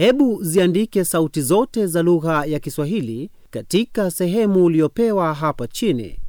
Hebu ziandike sauti zote za lugha ya Kiswahili katika sehemu uliyopewa hapa chini.